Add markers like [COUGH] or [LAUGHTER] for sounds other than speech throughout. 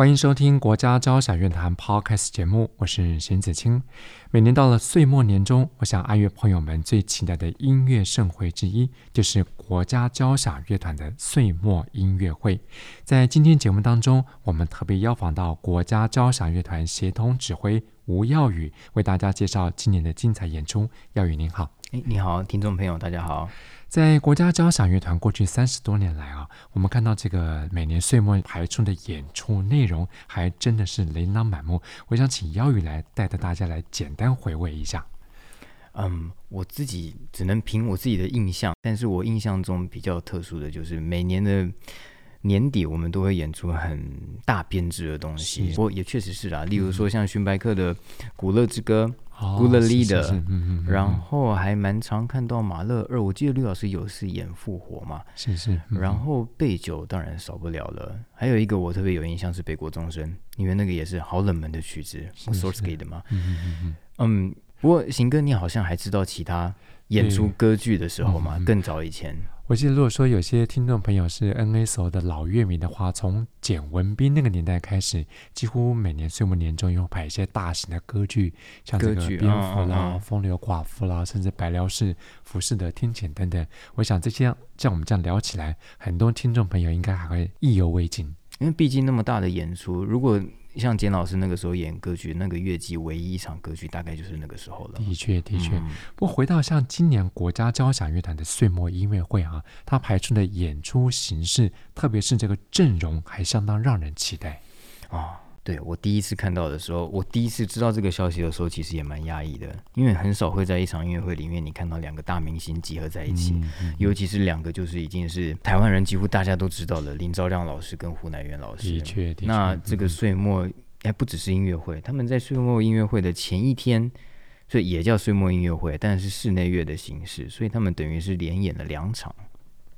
歡迎收聽國家交響樂團 Podcast 節目，我是沈子清。每年到了歲末年終，我想愛樂朋友們最期待的音樂盛會之一，就是國家交響樂團的歲末音樂會。在今天節目當中，我們特別邀訪到國家交響樂團協同指揮吳曜宇，為大家介紹今年的精彩演出。曜宇您好，誒，你好，聽眾朋友，大家好。在國家交響樂團過去三十多年來啊，我們看到這個每年歲末排出的演出內容，還真的是琳琅滿目。我想請曜宇來帶着大家來簡單回味一下。嗯，我自己只能憑我自己的印象，但是我印象中比較特殊的就是每年的。年底我們都會演出很大編制的東西，不過也確實是啊，例如說像荀白克的《古樂之歌》，哦、Gurrelieder 是是是嗯嗯嗯，然後還蠻常看到馬勒二，而我記得呂老師有是演復活嘛，是是，嗯嗯然後貝九當然少不了了，還有一個我特別有印象是北國鐘聲，因為那個也是好冷門的曲子 s o r g s t e 的嘛，是是嗯嗯，嗯，嗯，嗯，不過行哥你好像還知道其他演出歌劇的時候嘛，更早以前。哦嗯我記得，如果說有些聽眾朋友是 N A 所的老樂迷的話，從簡文彬那個年代開始，幾乎每年歲末年終又排一些大型的歌劇，像這個《蝙蝠》啦、哦嗯《風流寡婦》啦，甚至白聊《白遼士》《浮士德》《天譴》等等。我想這些像我們這樣聊起來，很多聽眾朋友應該還會意猶未盡，因為畢竟那麼大的演出，如果像簡老師那個時候演歌劇，那個樂季唯一一場歌劇，大概就是那個時候了。的確，的確、嗯。不過回到像今年國家交響樂團的歲末音樂會啊，它排出的演出形式，特別是這個陣容，還相當讓人期待。哦。對，我第一次看到的時候，我第一次知道這個消息的時候，其實也蠻壓抑的，因為很少會在一場音樂會裡面你看到兩個大明星集合在一起，嗯嗯、尤其是兩個就是已經是台灣人幾乎大家都知道了，林昭亮老師跟胡乃元老師。的確。的確。那這個歲末，哎、嗯，不只是音樂會，他們在歲末音樂會的前一天，所以也叫歲末音樂會，但是室內樂的形式，所以他們等於是連演了兩場，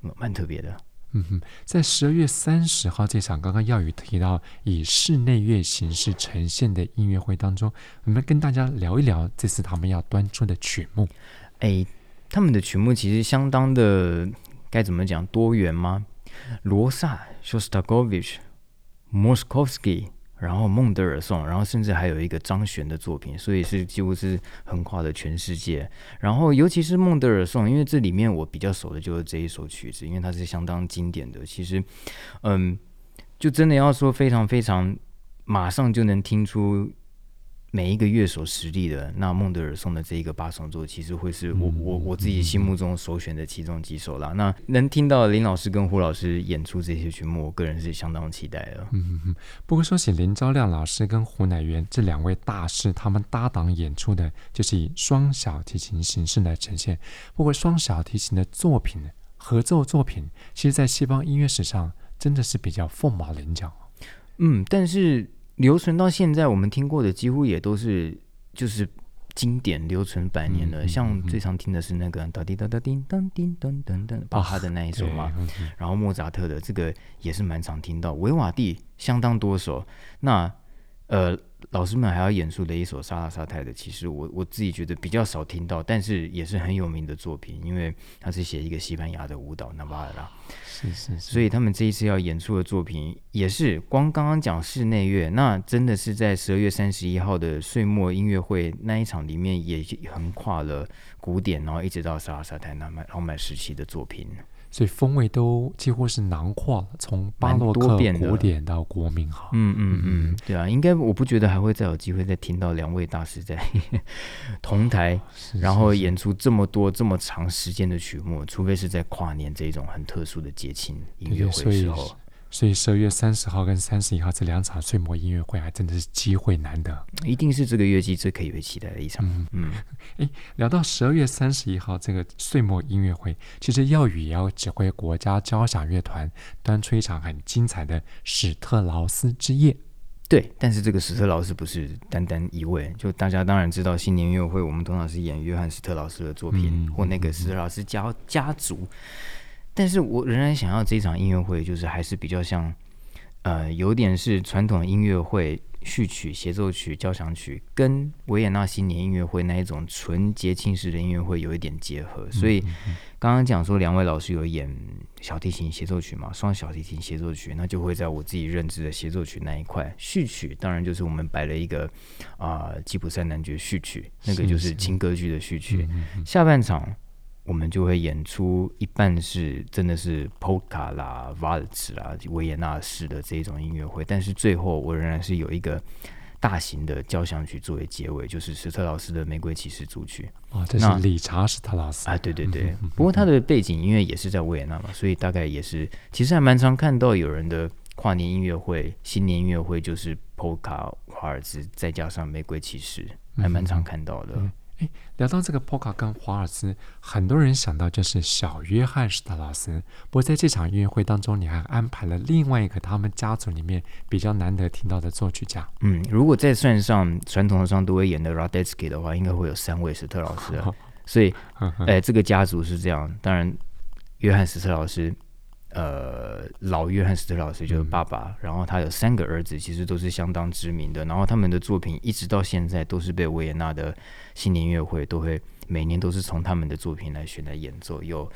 嗯、蠻特別的。嗯哼，在十二月三十號這場剛剛曜宇提到以室內樂形式呈現的音樂會當中，我們跟大家聊一聊這次他們要端出的曲目。哎，他們的曲目其實相當的該怎麼講，多元嗎？羅薩、肖斯塔科維奇、穆索斯基然後孟德爾頌，然後甚至還有一個張懸的作品，所以是幾乎是橫跨了全世界。然後尤其是孟德爾頌，因為這裡面我比較熟的就是這一首曲子，因為它是相當經典的。其實，嗯，就真的要說非常非常，馬上就能聽出。每一個樂手實力的，那孟德爾松的這一個八重奏，其實會是我、嗯、我我自己心目中首選的其中幾首啦。嗯、那能聽到林老師跟胡老師演出這些曲目，我個人是相當期待的。嗯、不過說起林昭亮老師跟胡乃元這兩位大師，他們搭檔演出的就是以雙小提琴形式來呈現。不過雙小提琴的作品、合奏作品，其實在西方音樂史上真的是比較鳳毛麟角。嗯，但是。留存到現在，我們聽過的幾乎也都是就是經典留存百年的、嗯，像最常聽的是那個、嗯嗯、噠滴噠噠叮噹叮噹等等，巴哈的那一首嘛、嗯，然後莫扎特的這個也是蠻常聽到，維瓦第相當多首，那呃。老師們還要演出的一首薩拉沙泰的，其實我我自己覺得比較少聽到，但是也是很有名的作品，因為他是寫一個西班牙的舞蹈《納瓦拉》。是是，所以他們這一次要演出的作品，也是光剛剛講室內樂，那真的是在十二月三十一號的歲末音樂會那一場裡面，也橫跨了古典，然後一直到薩拉沙泰浪漫、浪漫時期的作品。所以風味都幾乎是囊括，從巴洛克古典到國民號。嗯嗯嗯，嗯，對啊，應該我不覺得還會再有機會再聽到兩位大師在同台、啊是是是，然後演出這麼多這麼長時間的曲目，除非是在跨年這種很特殊的節慶音樂會的時候。對對所以十二月三十號跟三十一號這兩場歲末音樂會還真的是機會難得，一定是這個樂季最可以被期待的一場。嗯嗯誒，聊到十二月三十一號這個歲末音樂會，其實曜宇也要指揮國家交響樂團端，端出一場很精彩的史特勞斯之夜。對，但是這個史特勞斯不是單單一位，就大家當然知道新年音樂會我們通常是演約翰史特勞斯的作品、嗯，或那個史特勞斯家、嗯、家族。但是我仍然想要這一場音樂會，就是還是比較像，呃，有點是傳統音樂會序曲、協奏曲、交響曲，跟維也納新年音樂會那一種純節慶式的音樂會有一點結合。所以剛剛講說兩位老師有演小提琴協奏曲嘛，雙小提琴協奏曲，那就會在我自己認知的協奏曲那一塊。序曲當然就是我們擺了一個啊、呃、吉普賽男爵序曲，那個就是輕歌劇的序曲，是是。下半場，我們就會演出一半是真的是 Polka 啦、華爾茲啦、維也納式的這種音樂會，但是最後我仍然是有一個大型的交響曲作為結尾，就是史特勞斯的《玫瑰騎士》組曲啊。這是理查·史特勞斯啊，對對對，對嗯哼嗯哼。不過他的背景音樂也是在維也納嘛，所以大概也是。其實還蠻常看到有人的跨年音樂會、新年音樂會，就是 Polka、華爾茲，再加上《玫瑰騎士》，還蠻常看到的。嗯哎、聊到這個 Polka 跟華爾茲，很多人想到就是小約翰史特勞斯。不過在這場音樂會當中，你還安排了另外一個他們家族裡面比較難得聽到的作曲家。嗯，如果再算上傳統上都會演的 Radetzky 的話，應該會有三位史特勞斯。所以、嗯，哎，這個家族是這樣。當然，約翰史特勞斯。呃，老約翰·史特勞斯就是爸爸，嗯，然後他有三個兒子，其實都是相當知名的。然後他們的作品一直到現在都是被維也納的新年音樂會都會每年都是從他們的作品來選來演奏。有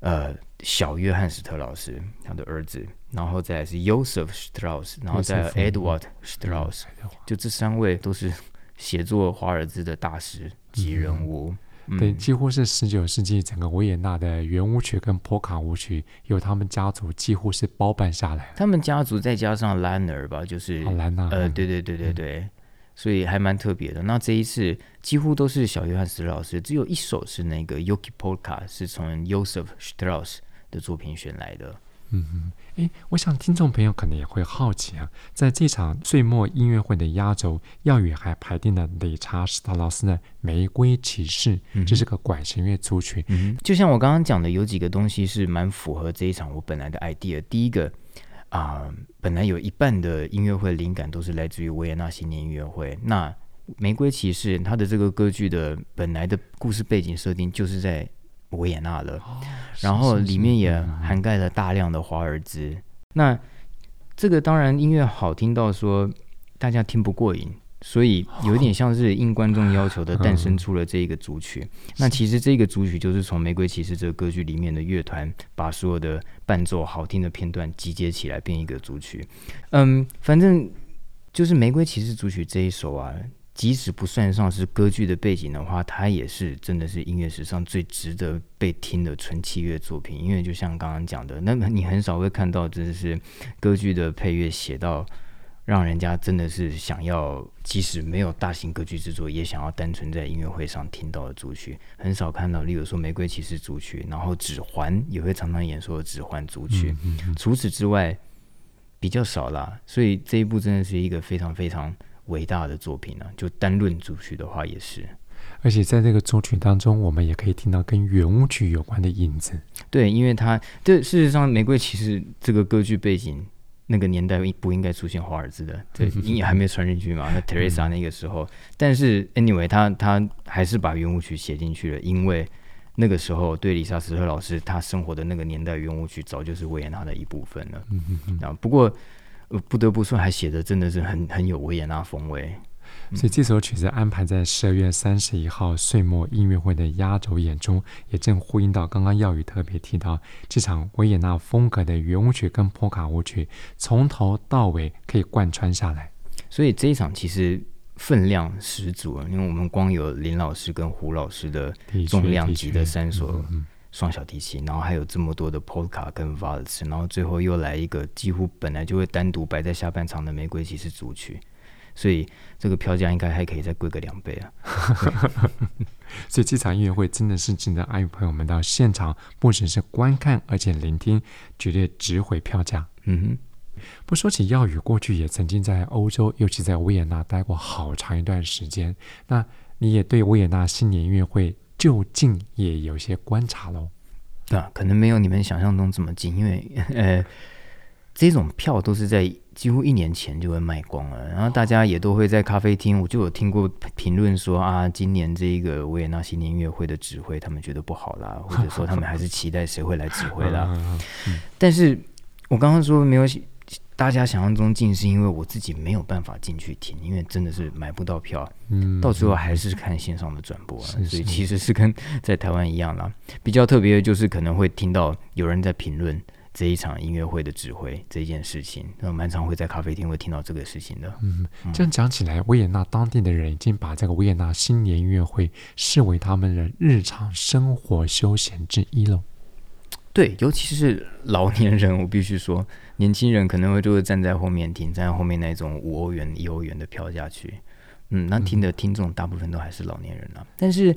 呃，小約翰·史特勞斯他的兒子，然後再是 Joseph Strauss，然後再是 Edward Strauss，就這三位都是寫作華爾茲的大師級人物。嗯嗯對，幾乎是十九世紀整個維也納的圓舞曲跟波卡舞曲，由他們家族幾乎是包辦下來。他們家族再加上拉納吧，就是好拉納，啊、Lanner, 呃，對對對對對、嗯，所以還蠻特別的。那這一次幾乎都是小約翰史特勞斯，只有一首是那個 Yuki Polka，是從 Josef Strauss 的作品選來的。嗯嗯，誒，我想聽眾朋友可能也會好奇啊，在這場歲末音樂會的壓軸，曜宇還排定了理查·史特勞斯的《玫瑰騎士》，這是個管弦樂組曲。嗯，就像我剛剛講的，有幾個東西是蠻符合這一場我本來的 idea。第一個啊、呃，本來有一半的音樂會靈感都是來自於維也納新年音樂會。那《玫瑰騎士》它的這個歌劇的本來的故事背景設定就是在維也納了，哦，然後裡面也涵蓋了大量的華爾茲，嗯。那這個當然音樂好聽到說大家聽不過癮，所以有點像是應觀眾要求的誕生出了這一個組曲，哦。那其實這個組曲就是從《玫瑰騎士》這個歌劇裡面的樂團把所有的伴奏好聽的片段集結起來變一個組曲。嗯，反正就是《玫瑰騎士》組曲這一首啊。即使不算上是歌劇的背景的話，它也是真的是音樂史上最值得被聽的純器樂作品。因為就像剛剛講的，那麼你很少會看到真的是歌劇的配樂寫到讓人家真的是想要，即使沒有大型歌劇製作，也想要單純在音樂會上聽到的組曲，很少看到。例如說《玫瑰騎士》組曲，然後《指環》也會常常演說《指環》組曲、嗯嗯嗯，除此之外比較少啦。所以這一部真的是一個非常非常。偉大的作品呢、啊，就單論組曲的話也是，而且在這個組曲當中，我們也可以聽到跟圓舞曲有關的影子。對，因為他這事實上，《玫瑰》其實這個歌劇背景那個年代應不應該出現華爾茲的？對，音、嗯、樂還沒傳進去嘛？那 Teresa 那個時候，嗯、但是 anyway，他他還是把圓舞曲寫進去了，因為那個時候對理查·史特勞斯他生活的那個年代，圓舞曲早就是維也納的一部分了。嗯嗯嗯。啊不過。不得不說，還寫的真的是很很有維也納風味。所以這首曲子安排在十二月三十一號歲末音樂會的壓軸演出，也正呼應到剛剛耀宇特別提到，這場維也納風格的圓舞曲跟波卡舞曲，從頭到尾可以貫穿下來。所以這一場其實分量十足，因為我們光有林老師跟胡老師的重量級的三首。雙小提琴，然後還有這麼多的 Polka 跟 Vals，然後最後又來一個幾乎本來就會單獨擺在下半場的玫瑰騎士組曲，所以這個票價應該還可以再貴個兩倍啊！ [LAUGHS] 所以這場音樂會真的是值得愛樂朋友們到現場，不僅是觀看而且聆聽，絕對值回票價。嗯哼，不說起耀宇過去也曾經在歐洲，尤其在維也納待過好長一段時間，那你也對維也納新年音樂會就近也有些觀察嘍，那、啊、可能沒有你們想象中這麼近，因為呃，這種票都是在幾乎一年前就會賣光了，然後大家也都會在咖啡廳，我就有聽過評論說啊，今年這個維也納新年音樂會的指揮他們覺得不好啦，或者說他們還是期待誰會來指揮啦， [LAUGHS] 但是我剛剛說沒有。大家想象中竟是因為我自己沒有辦法進去聽，因為真的是買不到票，嗯，到最後還是看線上的轉播、啊是是，所以其實是跟在台灣一樣啦。比較特別的就是可能會聽到有人在評論這一場音樂會的指揮這件事情，那我蠻常會在咖啡廳會聽到這個事情的。嗯，這樣講起來，嗯、維也納當地的人已經把這個維也納新年音樂會視為他們的日常生活休閒之一了。對，尤其是老年人，我必須說，年輕人可能會就會站在後面聽，停站在後面那種五歐元、一歐元的票價區，嗯，那聽的、嗯、聽眾大部分都還是老年人啦、啊。但是，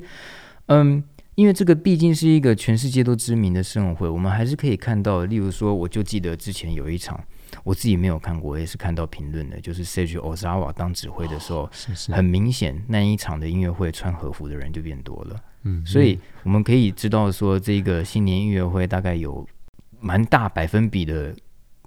嗯，因為這個畢竟是一個全世界都知名的盛會，我們還是可以看到，例如說，我就記得之前有一場。我自己沒有看過，我也是看到評論的。就是 Seiji Ozawa 當指揮的時候，哦、是是很明顯那一場的音樂會穿和服的人就變多了嗯嗯。所以我們可以知道說，這個新年音樂會大概有蠻大百分比的。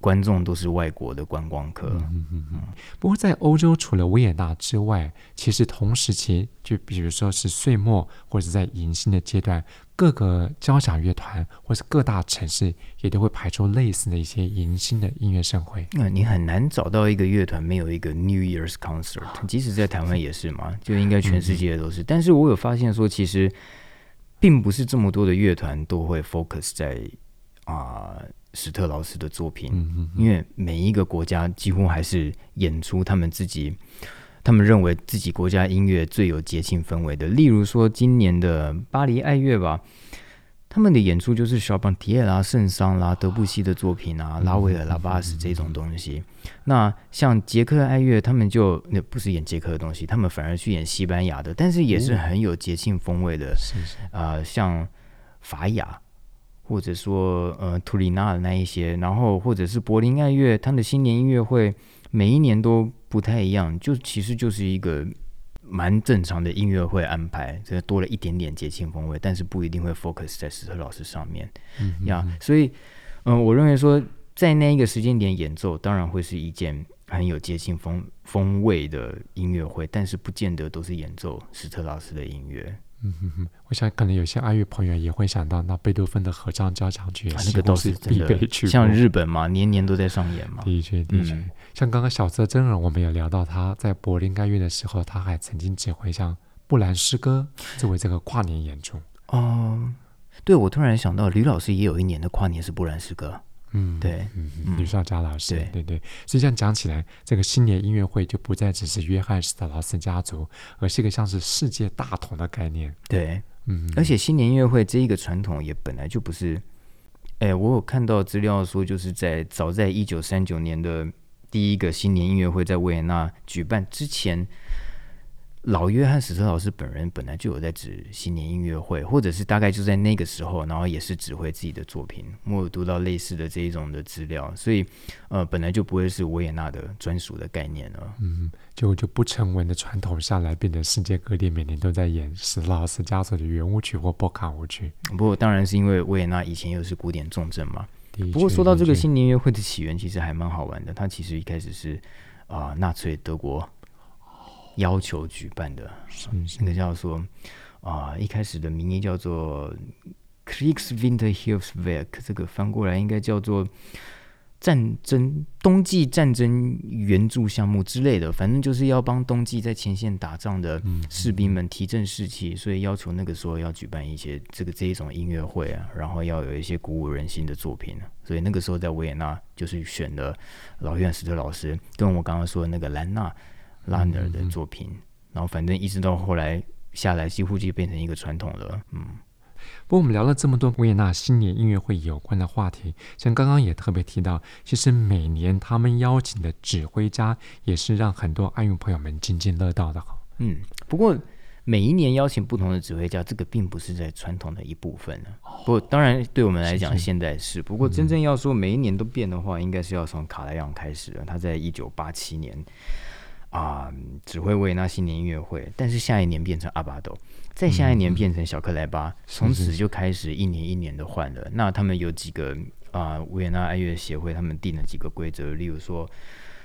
觀眾都是外國的觀光客。嗯嗯嗯，不過在歐洲，除了維也納之外，其實同時期就比如說是歲末或者是在迎新的階段，各個交響樂團或是各大城市也都會排出類似的一些迎新的音樂盛會。啊，你很難找到一個樂團沒有一個 New Year's Concert，即使在台灣也是嘛，啊、就應該全世界都是。嗯、但是我有發現說，其實並不是這麼多的樂團都會 focus 在啊。呃史特勞斯的作品、嗯哼哼，因為每一個國家幾乎還是演出他們自己，嗯、哼哼他們認為自己國家音樂最有節慶氛圍的。例如說，今年的巴黎愛樂吧，他們的演出就是肖邦、迪耶拉、聖桑啦、德布西的作品啊，拉威爾、拉巴斯這種東西。那像捷克愛樂，他們就那不是演捷克的東西，他們反而去演西班牙的，但是也是很有節慶風味的。是是啊，像法雅。或者說，呃，圖里納的那一些，然後或者是柏林愛樂，它的新年音樂會每一年都不太一樣，就其實就是一個蠻正常的音樂會安排，就多了一點點節慶風味，但是不一定會 focus 在史特勞斯上面，嗯哼哼，呀、yeah。所以，嗯、呃，我認為說在那一個時間點演奏，當然會是一件很有節慶風風味的音樂會，但是不見得都是演奏史特勞斯的音樂。嗯哼哼，我想可能有些愛樂朋友也會想到，那貝多芬的合唱交響曲、啊、那個都是必備曲，像日本嘛，年年都在上演嘛、嗯。的確，的確、嗯。像剛剛小澤征爾，我們有聊到他在柏林愛樂的時候，他還曾經指揮像布蘭詩歌作為這個跨年演出。哦、呃，對，我突然想到，呂老師，也有一年的跨年是布蘭詩歌。嗯，對，嗯嗯，呂紹嘉老師，對對對，所以這樣講起來，這個新年音樂會就不再只是約翰史特勞斯家族，而是一個像是世界大同的概念。對，嗯，而且新年音樂會這一個傳統也本來就不是，哎，我有看到資料說，就是在早在一九三九年的第一個新年音樂會在維也納舉辦之前。老約翰·史特勞斯本人本來就有在指新年音樂會，或者是大概就在那個時候，然後也是指揮自己的作品。我有讀到類似的這一種的資料，所以呃，本來就不會是維也納的專屬的概念了。嗯，就就不成文的傳統下來，變成世界各地每年都在演史特勞斯家族的圓舞曲或波卡舞曲。不過當然是因為維也納以前又是古典重鎮嘛。不過說到這個新年音樂會的起源，其實還蠻好玩的。它其實一開始是啊、呃，納粹德國。要求舉辦的、啊、那個叫做啊，一開始的名義叫做 “Kriegswinterhilfswerk、嗯、e e 這個翻過來應該叫做“戰爭冬季戰爭援助項目”之類的。反正就是要幫冬季在前線打仗的士兵們提振士氣，嗯，所以要求那個時候要舉辦一些這個這一種音樂會啊，然後要有一些鼓舞人心的作品啊。所以那個時候在維也納就是選的老約翰史特勞斯，跟我剛剛說的那個蘭納。拉尼的，的作品、嗯，然後反正一直到後來下來，幾乎就變成一個傳統了。嗯，不過我們聊了這麼多維也納新年音樂會有關的話題，像剛剛也特別提到，其實每年他們邀請的指揮家也是讓很多愛樂朋友們津津樂道的。嗯，不過每一年邀請不同的指揮家，這個並不是在傳統的一部分不過，當然，對我們來講，現在是、哦嗯。不過真正要說每一年都變的話，應該是要從卡拉揚開始的。他在一九八七年。啊、呃，只會為那新年音樂會，但是下一年變成阿巴斗，再下一年變成小克萊巴。嗯嗯，從此就開始一年一年的換了。那他們有幾個啊、呃，維也納愛樂協會他們定了幾個規則，例如說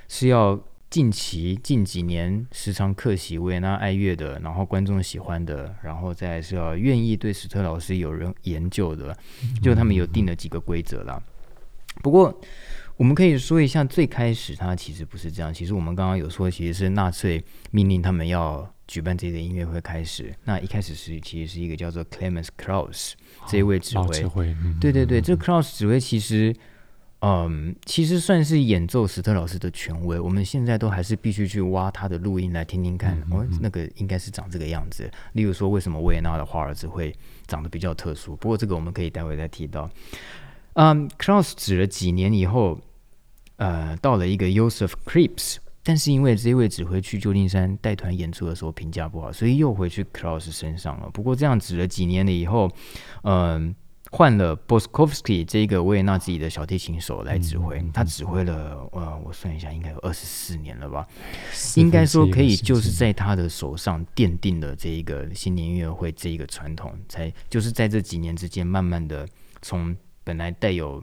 是要近期近幾年時常客席維也納愛樂的，然後觀眾喜歡的，然後再是要願意對史特老師有人研究的，就他們有定了幾個規則啦。嗯嗯嗯，不過。我們可以說一下，最開始他其實不是這樣。其實我們剛剛有說，其實是納粹命令他們要舉辦這個音樂會開始。那一開始是其實是一個叫做 Clemens Krauss 這一位指揮。指、哦、揮、哦嗯。對對對，嗯、這 Krauss 指揮其實，嗯，其實算是演奏史特勞斯的權威。我們現在都還是必須去挖他的錄音來聽聽看。嗯嗯、哦，那個應該是長這個樣子。例如說，為什麼維也納的華爾茲會長得比較特殊？不過這個我們可以待會再提到。嗯、um, Krauss 指了幾年以後，呃，到了一個 Josef Krips，但是因為這位指揮去舊金山帶團演出的時候評價不好，所以又回去 Krauss 身上了。不過這樣指了幾年了以後，嗯、呃，換了 Boskovsky 這個維也納自己的小提琴手來指揮，嗯嗯嗯，他指揮了呃，我算一下，應該有二十四年了吧。應該說可以，就是在他的手上奠定了這一個新年音樂會這一個傳統，才就是在這幾年之間慢慢的從。本來帶有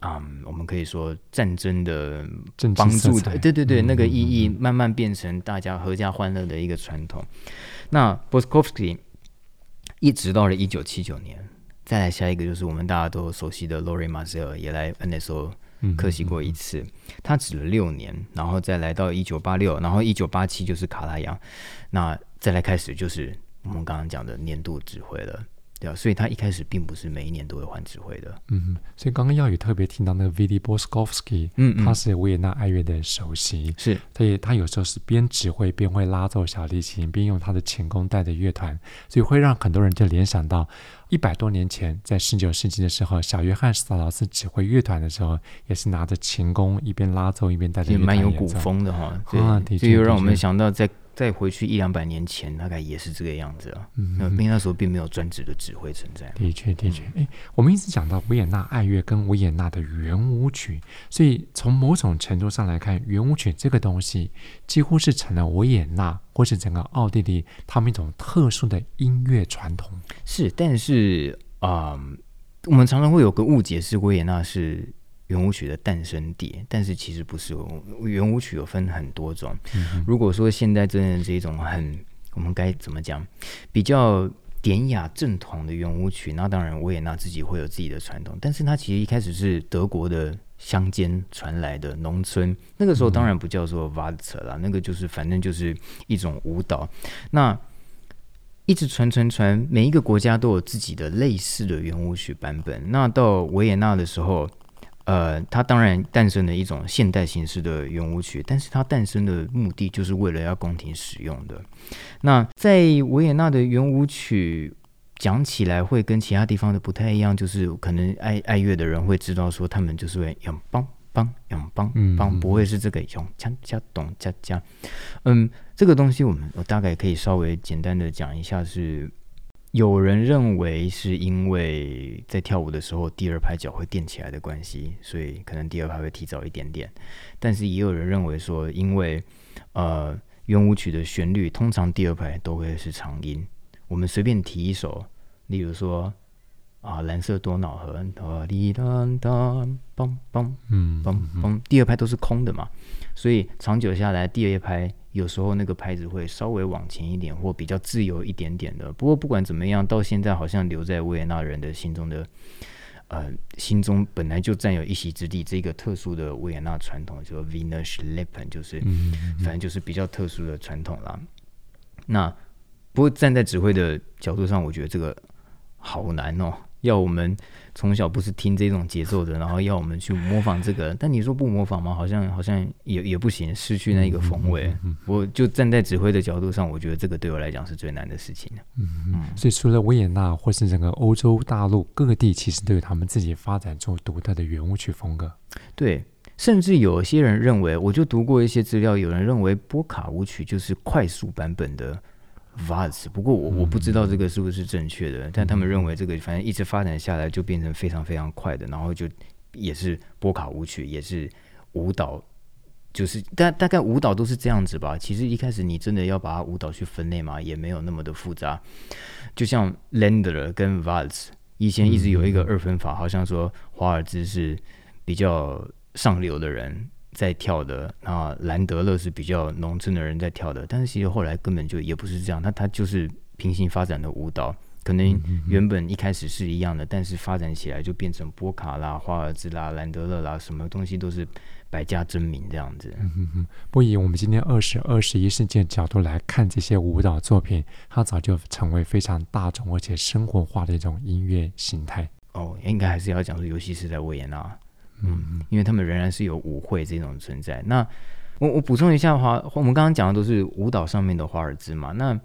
啊、嗯，我們可以說戰爭的幫助的，對對對、嗯，那個意義慢慢變成大家合家歡樂的一個傳統。嗯嗯、那 Boskovsky 一直到了一九七九年，再來下一個就是我們大家都熟悉的 Lorin Maazel 也來 NSO 客席過一次，嗯嗯、他指了六年，然後再來到一九八六，然後一九八七就是卡拉揚，那再來開始就是我們剛剛講的年度指揮了。對啊，所以他一開始並不是每一年都會換指揮的。嗯嗯，所以剛剛耀宇特別提到那個 Willi Boskovsky 嗯、嗯他是維也納愛樂的首席，是，所以他有時候是邊指揮邊會拉奏小提琴，邊用他的琴弓帶着樂團，所以會讓很多人就聯想到一百多年前在十九世紀的時候，小約翰·斯特勞斯指揮樂團的時候，也是拿着琴弓一邊拉奏一邊帶着樂團，也蠻有古風的哈啊，這就又讓我們想到在。再回去一兩百年前，大概也是這個樣子啊。嗯，嗯，那時候並沒有專職的指揮存在。的確，的確。誒，我們一直講到維也納愛樂跟維也納的圓舞曲，所以從某種程度上來看，圓舞曲這個東西幾乎是成了維也納或是整個奧地利他們一種特殊的音樂傳統。是，但是，嗯、呃，我們常常會有個誤解，是維也納是。圓舞曲的誕生地，但是其實不是。圓舞曲有分很多種，嗯。如果說現在真的是一種很，我們該怎麼講，比較典雅正統的圓舞曲，那當然維也納自己會有自己的傳統。但是它其實一開始是德國的鄉間傳來的農村，那個時候當然不叫做瓦特啦，嗯，那個就是反正就是一種舞蹈。那一直傳傳傳，每一個國家都有自己的類似的圓舞曲版本。那到維也納的時候。呃，它當然誕生了一種現代形式的圓舞曲，但是它誕生的目的就是為了要宮廷使用的。那在維也納的圓舞曲講起來會跟其他地方的不太一樣，就是可能愛愛樂的人會知道說，他們就是會氧邦邦氧邦邦，不會是這個養鏘鏘咚鏘鏘。嗯，這個東西我們我大概可以稍微簡單的講一下是。有人認為是因為在跳舞的時候，第二拍腳會墊起來的關係，所以可能第二拍會提早一點點。但是也有人認為說，因為呃圓舞曲的旋律通常第二拍都會是長音，我們隨便提一首，例如說。啊，藍色多瑙河，嗯，第二拍都是空的嘛，所以長久下來，第二拍有時候那個拍子會稍微往前一點，或比較自由一點點的。不過不管怎麼樣，到現在好像留在維也納人的心中的，呃，心中本來就佔有一席之地。這個特殊的維也納傳統，就 Viennese Lepen，就是嗯嗯嗯，反正就是比較特殊的傳統啦。那不過站在指揮的角度上，我覺得這個好難哦。要我們從小不是聽這種節奏的，然後要我們去模仿這個，但你說不模仿嗎？好像好像也也不行，失去那一個風味。嗯，我就站在指揮的角度上，我覺得這個對我來講是最難的事情。嗯，嗯，所以除了維也納或是整個歐洲大陸各地，其實都有他們自己發展出獨特的圓舞曲風格。對，甚至有些人認為，我就讀過一些資料，有人認為波卡舞曲就是快速版本的。Vals 不過我我不知道這個是不是正確的。嗯，但他們認為這個反正一直發展下來就變成非常非常快的。嗯，然後就也是波卡舞曲，也是舞蹈，就是大大概舞蹈都是這樣子吧。嗯，其實一開始你真的要把它舞蹈去分類嘛，也沒有那麼的複雜。就像 Ländler 跟 Vals 以前一直有一個二分法，嗯，好像說華爾茲是比較上流的人。在跳的，那蘭德勒是比較農村的人在跳的，但是其實後來根本就也不是這樣，他他就是平行發展的舞蹈，可能原本一開始是一樣的，嗯、但是發展起來就變成波卡啦、華爾茲啦、蘭德勒啦，什麼東西都是百家爭鳴這樣子、嗯哼哼。不以我們今天二十二十一世紀的角度來看這些舞蹈作品，它早就成為非常大眾而且生活化的一種音樂形態。哦、oh，應該還是要講說、啊，尤其是在維也納。嗯，因為他們仍然是有舞會這種存在。那我我補充一下的話，我們剛剛講的都是舞蹈上面的華爾茲嘛。那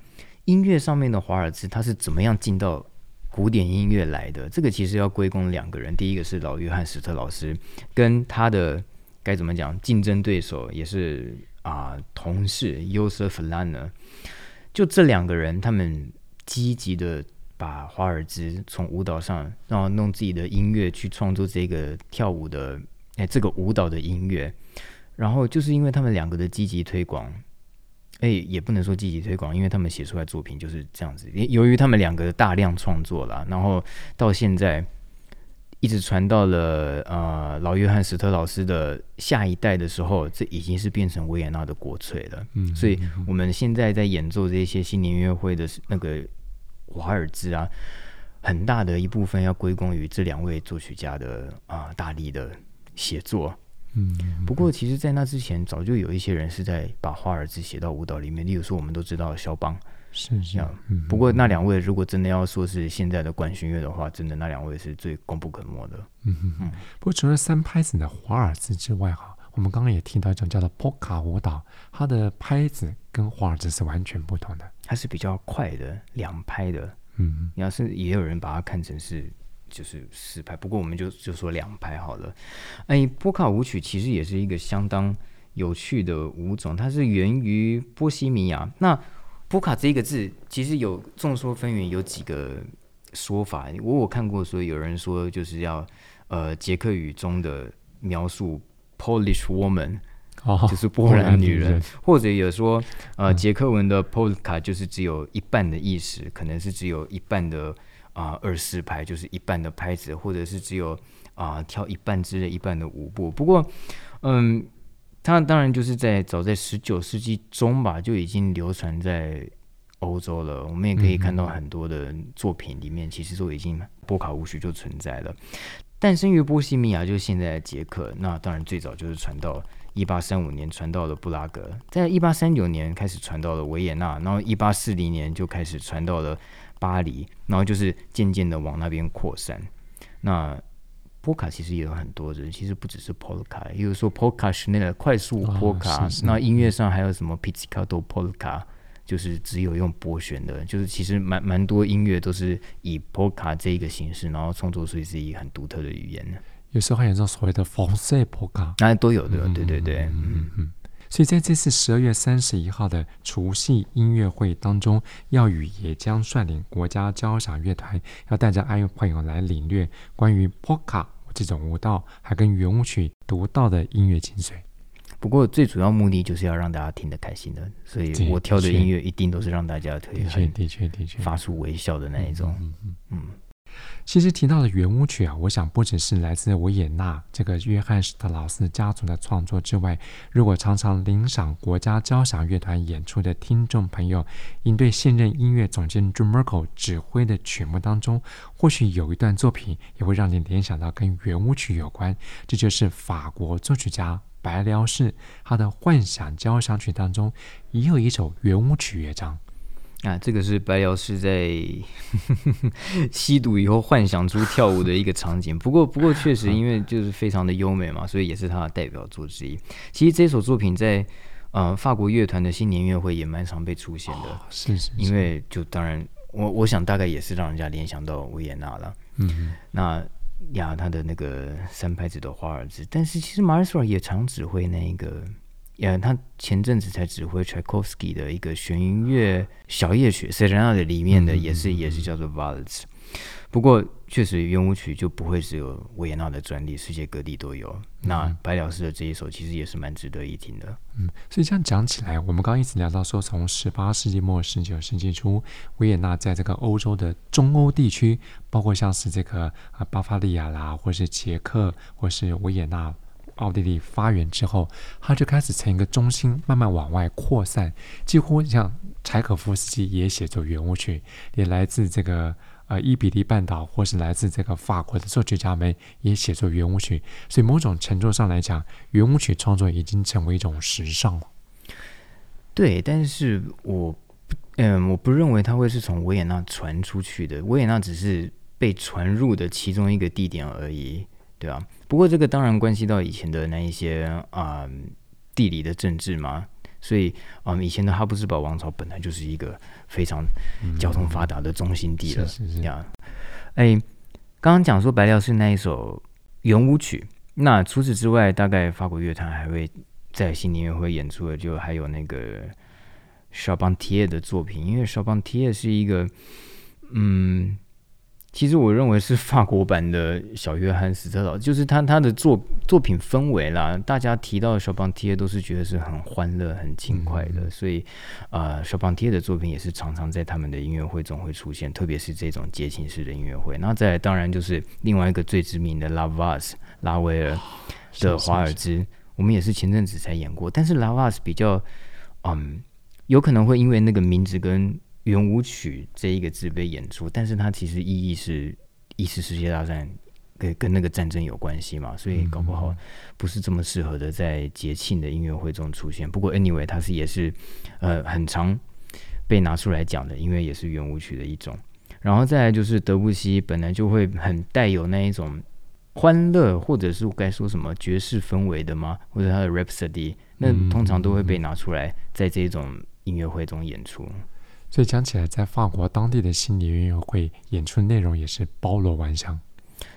音樂上面的華爾茲，他是怎麼樣進到古典音樂來的、嗯？這個其實要歸功兩個人，第一個是老約翰·史特勞斯，跟他的該怎麼講競爭對手，也是啊、呃、同事 Joseph Lanner。就這兩個人，他們積極的。把華爾茲從舞蹈上，然後弄自己的音樂去創作這個跳舞的，哎、欸，這個舞蹈的音樂。然後就是因為他們兩個的積極推廣，哎、欸，也不能說積極推廣，因為他們寫出來作品就是這樣子。由於他們兩個的大量創作啦，然後到現在一直傳到了呃老約翰史特勞斯的下一代的時候，這已經是變成維也納的國粹了。嗯，嗯，嗯，嗯，所以我們現在在演奏這些新年音樂會的那個。華爾茲啊，很大的一部分要歸功於這兩位作曲家的啊大力的寫作嗯。嗯，不過其實，在那之前，早就有一些人是在把華爾茲寫到舞蹈裡面。例如說，我們都知道肖邦是這樣、啊嗯。不過，那兩位如果真的要說，是現在的管弦樂的話，真的那兩位是最功不可沒的。嗯，嗯不過除了三拍子的華爾茲之外、啊，哈。我們剛剛也聽到一種叫做波卡舞蹈，它的拍子跟華爾茲是完全不同的，它是比較快的兩拍的。嗯，要是也有人把它看成是就是四拍，不過我們就就說兩拍好了。哎，波卡舞曲其實也是一個相當有趣的舞種，它是源於波西米亞。那波卡這一個字其實有眾說紛紜，有幾個說法。我我看過所以有人說就是要呃捷克語中的描述。Polish woman，、oh, 就是波蘭女，女人，或者有說，呃、嗯，捷克文的 Polka 就是只有一半的意思，可能是只有一半的啊、呃，二四拍就是一半的拍子，或者是只有啊、呃，跳一半之類一半的舞步。不過，嗯，它當然就是在早在十九世紀中吧，就已經流傳在歐洲了。我們也可以看到很多的作品裡面，嗯、其實都已經波卡舞曲就存在了。誕生於波西米亞，就是現在的捷克。那當然，最早就是傳到一八三五年，傳到了布拉格。在一八三九年開始傳到了維也納，然後一八四零年就開始傳到了巴黎，然後就是漸漸的往那邊擴散。那波卡其實也有很多人，其實不只是波卡，也有說波卡是那個快速波卡，那音樂上還有什麼皮茨卡都波卡。就是只有用撥弦的，就是其實蠻蠻多音樂都是以波卡這一個形式，然後創作出自己很獨特的語言的。有時候還有這種所謂的放肆波卡，當然都有對吧？對對對，嗯嗯。所以在這次十二月三十一號的除夕音樂會當中，曜宇也將率領國家交響樂團，要帶着愛樂朋友來領略關於波卡這種舞蹈，還跟圓舞曲獨到的音樂精髓。不過，最主要目的就是要讓大家聽得開心的，所以我挑的音樂一定都是讓大家開心，的的確的確發出微笑的那一種。嗯嗯嗯，嗯。其實提到的圓舞曲啊，我想不只是來自維也納這個約翰·史特勞斯家族的創作之外，如果常常聆賞國家交響樂團演出的聽眾朋友，應對現任音樂總監 Jun Märkl 指揮的曲目當中，或許有一段作品也會讓你聯想到跟圓舞曲有關，這就是法國作曲家。白遼士他的《幻想交響曲》當中也有一首圓舞曲樂章，啊，這個是白遼士在呵呵吸毒以後幻想出跳舞的一個場景。 [LAUGHS] 不過，不過確實因為就是非常的優美嘛， [LAUGHS] 所以也是他的代表作之一。其實這首作品在呃法國樂團的新年音樂會也蠻常被出現的，哦，是是是，因為就當然我我想大概也是讓人家聯想到維也納了，嗯，那。呀，他的那個三拍子的華爾茲，但是其實馬爾斯奧也常指揮那個，呀，他前陣子才指揮柴可夫斯基的一個弦樂小夜曲，C 大調的裡面的也是、嗯、也是叫做華爾茲。不過，確實圓舞曲就不會只有維也納的專利，世界各地都有。那白老師的這一首其實也是蠻值得一聽的。嗯，所以這樣講起來，我們剛剛一直聊到說，從十八世紀末、十九世紀初，維也納在這個歐洲的中歐地區，包括像是這個啊巴伐利亞啦，或是捷克，或是維也納、奧地利發源之後，它就開始成一個中心，慢慢往外擴散。幾乎像柴可夫斯基也寫作圓舞曲，也來自這個。呃，伊比利半島或是來自這個法國的作曲家們也寫作圓舞曲，所以某種程度上來講，圓舞曲創作已經成為一種時尚了。對，但是我，嗯，我不認為它會是從維也納傳出去的，維也納只是被傳入的其中一個地點而已，對啊，不過這個當然關係到以前的那一些啊、嗯，地理的政治嘛。所以，我、嗯、以前的哈布斯堡王朝本來就是一個非常交通發達的中心地了。嗯這樣嗯、是是是。哎、欸，剛剛講說白遼士那一首圓舞曲，那除此之外，大概法國樂團還會在新年音樂會演出的，就還有那個肖邦提葉的作品，因為肖邦提葉是一個，嗯。其實我認為是法國版的小約翰斯特勞，就是他他的作作品氛圍啦，大家提到肖邦蒂耶都是覺得是很歡樂、很輕快的，嗯嗯所以呃，肖邦蒂耶的作品也是常常在他們的音樂會中會出現，特別是這種節慶式的音樂會。那再當然就是另外一個最知名的《La Valse》拉威爾的華爾茲，我們也是前陣子才演過，但是《La Valse》比較嗯，有可能會因為那個名字跟。圓舞曲這一個字被演出，但是它其實意義是一次世界大戰跟跟跟那個戰爭有關係嘛，所以搞不好不是這麼適合的在節慶的音樂會中出現。不過，anyway，它是也是呃很常被拿出來講的，因為也是圓舞曲的一種。然後再來就是德布西，本來就會很帶有那一種歡樂，或者是該說什麼爵士氛圍的嘛，或者他的 Rhapsody，那通常都會被拿出來在這種音樂會中演出。所以講起來，在法國當地的新年音樂會演出內容也是包羅萬象。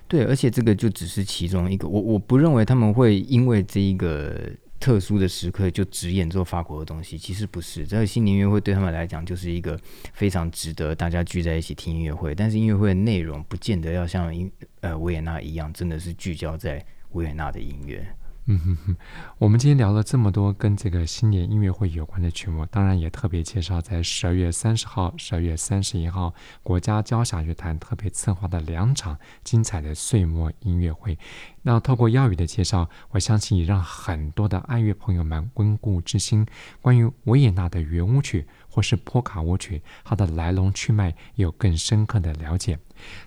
對，而且這個就只是其中一個。我我不認為他們會因為這一個特殊的時刻就只演奏法國的東西。其實不是，這個新年音樂會對他們來講就是一個非常值得大家聚在一起聽音樂會。但是音樂會的內容不見得要像音呃維也納一樣，真的是聚焦在維也納的音樂。嗯哼哼，我們今天聊了這麼多跟這個新年音樂會有關的曲目，當然也特別介紹在十二月三十號、十二月三十一號國家交響樂團特別策劃的兩場精彩的歲末音樂會。那透過耀宇的介紹，我相信也讓很多的愛樂朋友們溫故知新，關於維也納的圓舞曲或是波卡舞曲，它的來龍去脈有更深刻的了解。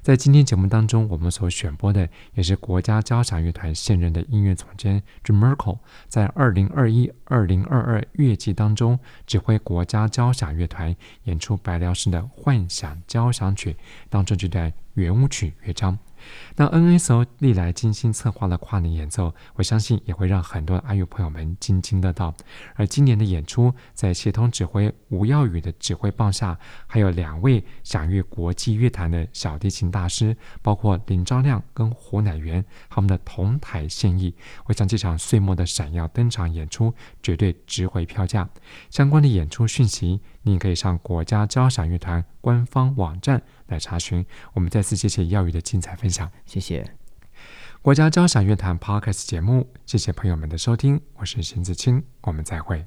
在今天節目當中，我們所選播的也是國家交響樂團現任的音樂總監 Jun Märkl 在二零二一、二零二二樂季當中指揮國家交響樂團演出白遼士的《幻想交響曲》，當中這段圓舞曲樂章。那 NSO 歷來精心策劃的跨年演奏，我相信也會讓很多愛樂朋友們津津樂道。而今年的演出，在協同指揮吳曜宇的指揮棒下，還有兩位享譽國際樂壇的小提琴大師，包括林昭亮跟胡乃元，他們的同台獻藝，會讓這場歲末的閃耀登場演出絕對值回票價。相關的演出訊息，你可以上國家交響樂團官方網站，來查詢，我們再次謝謝曜宇的精彩分享，謝謝。國家交響樂團 Podcast 節目，謝謝朋友們的收聽，我是邢子青，我們再會。